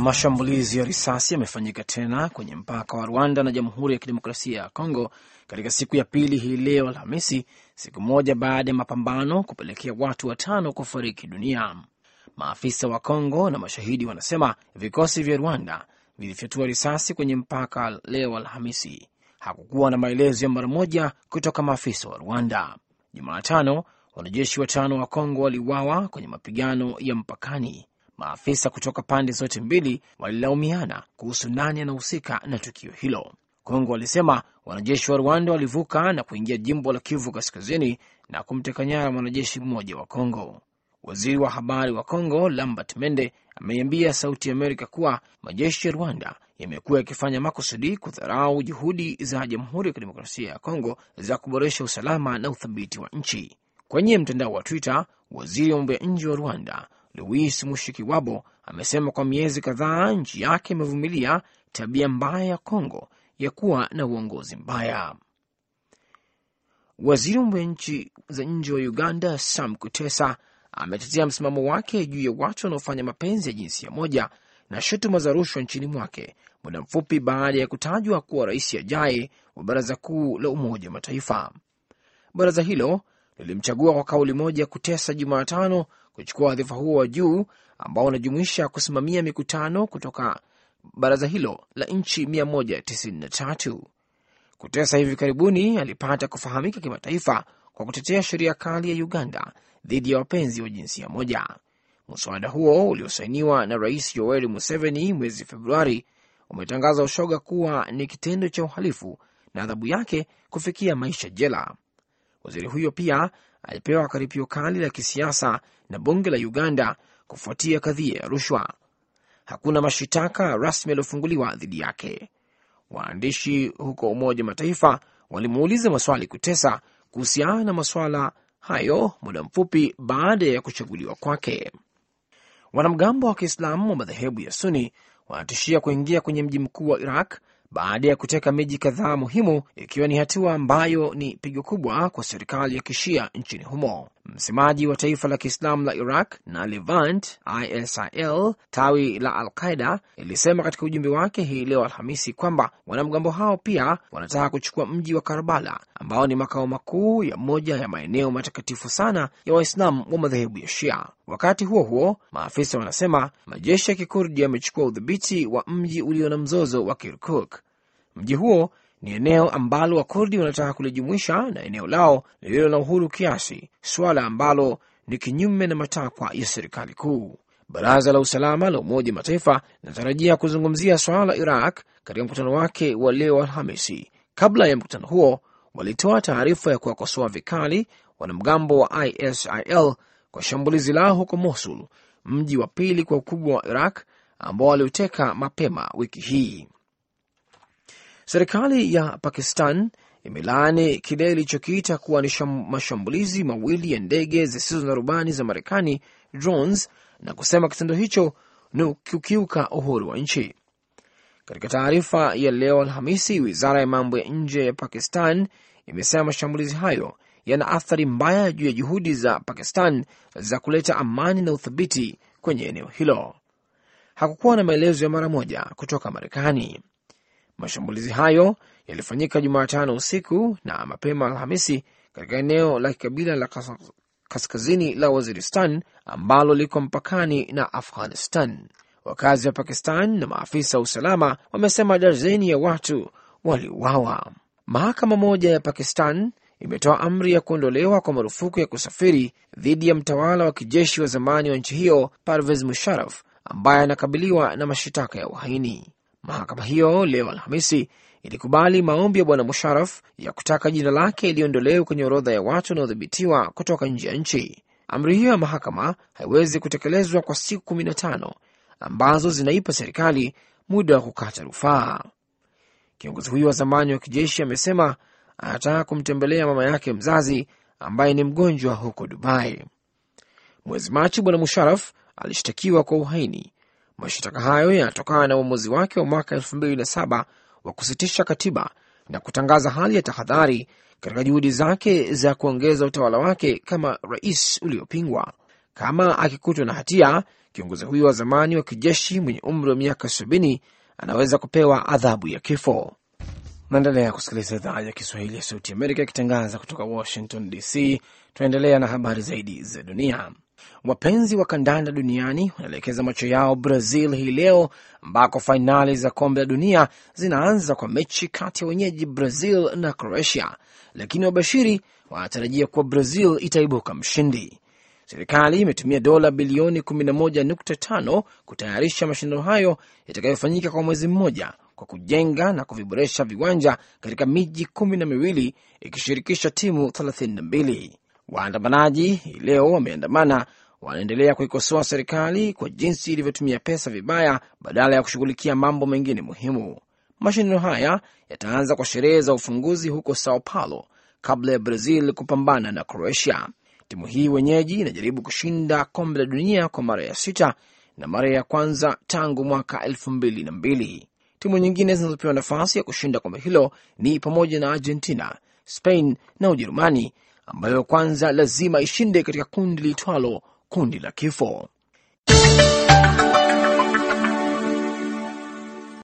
Mashambulizi ya risasi yamefanyika tena kwenye mpaka wa Rwanda na Jamhuri ya Kidemokrasia ya Kongo katika siku ya pili hii leo Alhamisi, siku moja baada ya mapambano kupelekea watu watano kufariki dunia. Maafisa wa Kongo na mashahidi wanasema vikosi vya Rwanda vilifyatua risasi kwenye mpaka leo Alhamisi. Hakukuwa na maelezo ya mara moja kutoka maafisa wa Rwanda. Jumatano, wanajeshi watano wa Kongo waliuawa kwenye mapigano ya mpakani Maafisa kutoka pande zote mbili walilaumiana kuhusu nani anahusika na tukio hilo. Kongo walisema wanajeshi wa Rwanda walivuka na kuingia jimbo la Kivu Kaskazini na kumteka nyara mwanajeshi mmoja wa Kongo. Waziri wa habari wa Kongo Lambert Mende ameiambia Sauti ya Amerika kuwa majeshi ya Rwanda yamekuwa yakifanya makusudi kudharau juhudi za Jamhuri ya Kidemokrasia ya Kongo za kuboresha usalama na uthabiti wa nchi. Kwenye mtandao wa Twitter, waziri wa mambo ya nje wa Rwanda Louis Mushikiwabo amesema kwa miezi kadhaa nchi yake imevumilia tabia mbaya ya Kongo ya kuwa na uongozi mbaya. Waziri wa nchi za nje wa Uganda Sam Kutesa ametetea msimamo wake juu ya watu wanaofanya mapenzi ya jinsia moja na shutuma za rushwa nchini mwake muda mfupi baada ya kutajwa kuwa rais ajaye wa Baraza Kuu la Umoja wa Mataifa. Baraza hilo lilimchagua kwa kauli moja kutesa Jumatano kuchukua wadhifa huo wa juu ambao unajumuisha kusimamia mikutano kutoka baraza hilo la nchi 193. Kutesa hivi karibuni alipata kufahamika kimataifa kwa kutetea sheria kali ya Uganda dhidi ya wapenzi wa jinsia moja. Mswada huo uliosainiwa na Rais Yoweri Museveni mwezi Februari umetangaza ushoga kuwa ni kitendo cha uhalifu na adhabu yake kufikia maisha jela. Waziri huyo pia alipewa karipio kali la kisiasa na bunge la Uganda kufuatia kadhia ya rushwa. Hakuna mashitaka rasmi yaliyofunguliwa dhidi yake. Waandishi huko Umoja Mataifa walimuuliza maswali kutesa kuhusiana na maswala hayo muda mfupi baada ya kuchaguliwa kwake. Wanamgambo wa Kiislamu wa madhehebu ya Suni wanatishia kuingia kwenye mji mkuu wa Iraq baada ya kuteka miji kadhaa muhimu, ikiwa ni hatua ambayo ni pigo kubwa kwa serikali ya kishia nchini humo. Msemaji wa taifa la Kiislamu la Iraq na Levant ISIL tawi la Al-Qaida ilisema katika ujumbe wake hii leo Alhamisi kwamba wanamgambo hao pia wanataka kuchukua mji wa Karbala ambao ni makao makuu ya moja ya maeneo matakatifu sana ya Waislamu wa madhehebu ya Shia. Wakati huo huo, maafisa wanasema majeshi ya Kikurdi yamechukua udhibiti wa mji ulio na mzozo wa Kirkuk. Mji huo ni eneo ambalo Wakurdi wanataka kulijumuisha na eneo lao lililo na uhuru kiasi, suala ambalo ni kinyume na matakwa ya serikali kuu. Baraza la Usalama la Umoja Mataifa linatarajia kuzungumzia swala la Iraq katika mkutano wake wa leo Alhamisi. Kabla ya mkutano huo, walitoa taarifa ya kuwakosoa vikali wanamgambo wa ISIL kwa shambulizi lao huko Mosul, mji wa pili kwa ukubwa wa Iraq ambao waliuteka mapema wiki hii. Serikali ya Pakistan imelaani kile ilichokiita kuwa ni mashambulizi mawili ya ndege zisizo na rubani za Marekani, drones, na kusema kitendo hicho ni kukiuka uhuru wa nchi. Katika taarifa ya leo Alhamisi, wizara ya mambo ya nje ya Pakistan imesema mashambulizi hayo yana athari mbaya juu ya juhudi za Pakistan za kuleta amani na uthabiti kwenye eneo hilo. Hakukuwa na maelezo ya mara moja kutoka Marekani. Mashambulizi hayo yalifanyika Jumatano usiku na mapema Alhamisi katika eneo la kikabila la kaskazini la Waziristan ambalo liko mpakani na Afghanistan. Wakazi wa Pakistan na maafisa wa usalama wamesema darzeni ya watu waliuawa. Mahakama moja ya Pakistan imetoa amri ya kuondolewa kwa marufuku ya kusafiri dhidi ya mtawala wa kijeshi wa zamani wa nchi hiyo Parvez Musharraf ambaye anakabiliwa na mashitaka ya uhaini. Mahakama hiyo leo Alhamisi ilikubali maombi ya bwana Musharaf ya kutaka jina lake iliyoondolewa kwenye orodha ya watu wanaodhibitiwa kutoka nje ya nchi. Amri hiyo ya mahakama haiwezi kutekelezwa kwa siku kumi na tano ambazo zinaipa serikali muda wa kukata rufaa. Kiongozi huyo wa zamani wa kijeshi amesema anataka kumtembelea mama yake mzazi ambaye ni mgonjwa huko Dubai. Mwezi Machi, bwana Musharaf alishtakiwa kwa uhaini Mashtaka hayo yanatokana na uamuzi wake wa mwaka elfu mbili na saba wa kusitisha katiba na kutangaza hali ya tahadhari katika juhudi zake za kuongeza utawala wake kama rais uliopingwa. Kama akikutwa na hatia, kiongozi huyo wa zamani wa kijeshi mwenye umri wa miaka sabini anaweza kupewa adhabu ya kifo. Naendelea kusikiliza idhaa ya Kiswahili ya Sauti Amerika ikitangaza kutoka Washington DC. Tunaendelea na habari zaidi za dunia. Wapenzi wa kandanda duniani wanaelekeza macho yao Brazil hii leo, ambako fainali za kombe la dunia zinaanza kwa mechi kati ya wenyeji Brazil na Croatia, lakini wabashiri wanatarajia kuwa Brazil itaibuka mshindi. Serikali imetumia dola bilioni 11.5 kutayarisha mashindano hayo yatakayofanyika kwa mwezi mmoja kwa kujenga na kuviboresha viwanja katika miji kumi na miwili ikishirikisha timu mbili. Waandamanaji leo wameandamana, wanaendelea kuikosoa serikali kwa jinsi ilivyotumia pesa vibaya badala ya kushughulikia mambo mengine muhimu. Mashindano haya yataanza kwa sherehe za ufunguzi huko Sao Paulo kabla ya Brazil kupambana na Croatia. Timu hii wenyeji inajaribu kushinda kombe la dunia kwa mara ya sita na mara ya kwanza tangu mwaka elfu mbili na mbili. Timu nyingine zinazopewa nafasi ya kushinda kombe hilo ni pamoja na Argentina, Spain na Ujerumani ambayo kwanza lazima ishinde katika kundi liitwalo kundi la kifo.